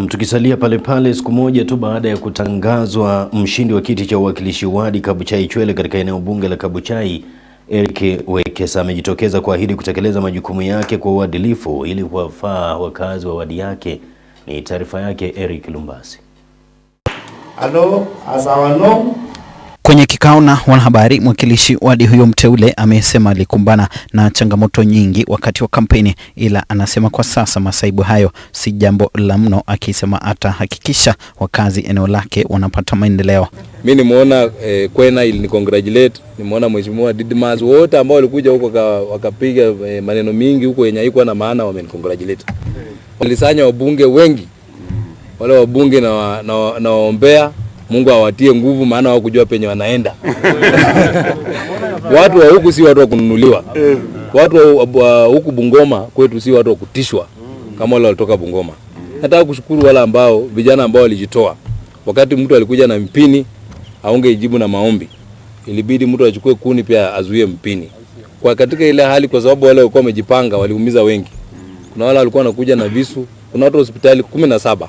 Na tukisalia pale pale, siku moja tu baada ya kutangazwa mshindi wa kiti cha uwakilishi wadi Kabuchai Chwele katika eneo bunge la Kabuchai, Eric Wekesa amejitokeza kuahidi kutekeleza majukumu yake kwa uadilifu ili kuwafaa wakazi wa wadi yake. Ni taarifa yake Eric Lumbasi. Hello, as our norm, Kwenye kikao na wanahabari, mwakilishi wadi huyo mteule amesema alikumbana na changamoto nyingi wakati wa kampeni, ila anasema kwa sasa masaibu hayo si jambo la mno, akisema atahakikisha wakazi eneo lake wanapata maendeleo. Mi nimeona eh, Kwena ili ni congratulate, nimeona mheshimiwa Didmas wote ambao walikuja huko wakapiga eh, maneno mingi huko yenye haikuwa na maana, wamenicongratulate. Walisanya wabunge wengi wale wabunge na waombea Mungu awatie nguvu, maana hawakujua penye wanaenda. Watu wa huku si watu wa kununuliwa. Watu wa huku Bungoma kwetu si watu wa kutishwa kama wale walitoka Bungoma. Nataka kushukuru wale ambao vijana ambao walijitoa. Wakati mtu alikuja na mpini aungeijibu na maombi, ilibidi mtu achukue kuni pia azuie mpini kwa katika ile hali, kwa sababu wale walikuwa wamejipanga waliumiza wengi. Kuna wale walikuwa wanakuja na visu, kuna watu hospitali kumi na saba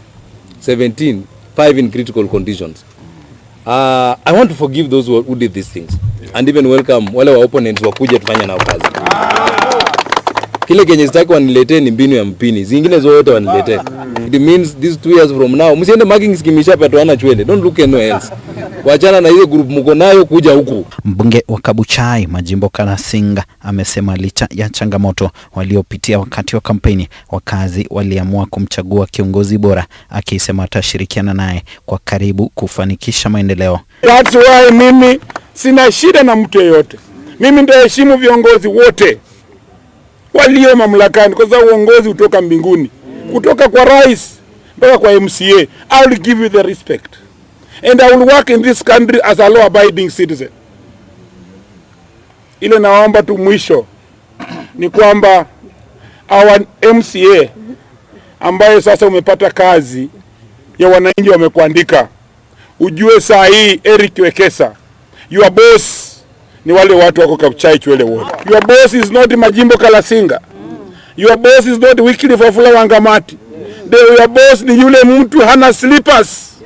17 five in critical conditions. Uh, I want to forgive those who, who did these things and even welcome wale wa opponents wakuja tufanya nao kazi. Ah. Kile kenye sitaki waniletee ni mbinu ya mpini, zingine zote waniletee. Ah. It means these two years from now msiende marking scheme ishapatwa na chwele. Don't look anywhere else wachana na hiyo grupu mko nayo kuja huku. Mbunge wa Kabuchai Majimbo Kalasinga amesema licha ya changamoto waliopitia wakati wa kampeni, wakazi waliamua kumchagua kiongozi bora, akisema atashirikiana naye kwa karibu kufanikisha maendeleo. That's why mimi sina shida na mtu yeyote, mimi nitaheshimu viongozi wote walio mamlakani, kwa sababu uongozi hutoka mbinguni, kutoka kwa rais mpaka kwa MCA. I'll give you the respect and I will work in this country as a law abiding citizen. Ile naomba tu mwisho ni kwamba our MCA ambaye sasa umepata kazi ya wananchi wamekuandika, ujue saa hii Eric Wekesa, your boss ni wale watu wako Kabuchai Chwele wote. Your boss is not Majimbo Kalasinga. Your boss is not Wycliffe Wafula Wangamati. Your boss ni yule mtu hana slippers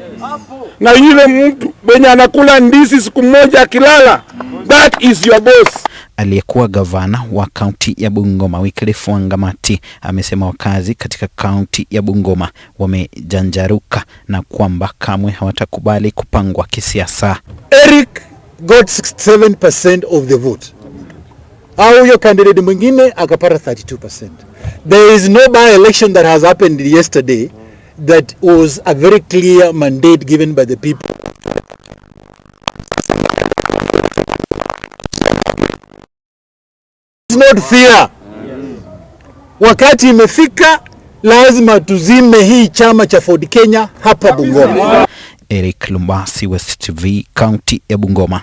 na yule mtu mwenye anakula ndizi siku moja akilala, that is your boss. Aliyekuwa gavana wa kaunti ya Bungoma Wycliffe Wangamati amesema wakazi katika kaunti ya Bungoma wamejanjaruka na kwamba kamwe hawatakubali kupangwa kisiasa. Eric got 67% of the vote au huyo kandidati mwingine akapata 32%. There is no by election that has happened yesterday that was a very clear mandate given by the people. It's not fear. Wakati imefika lazima tuzime hii chama cha Ford Kenya hapa Bungoma. Eric Lumbasi, West TV, County ya Bungoma.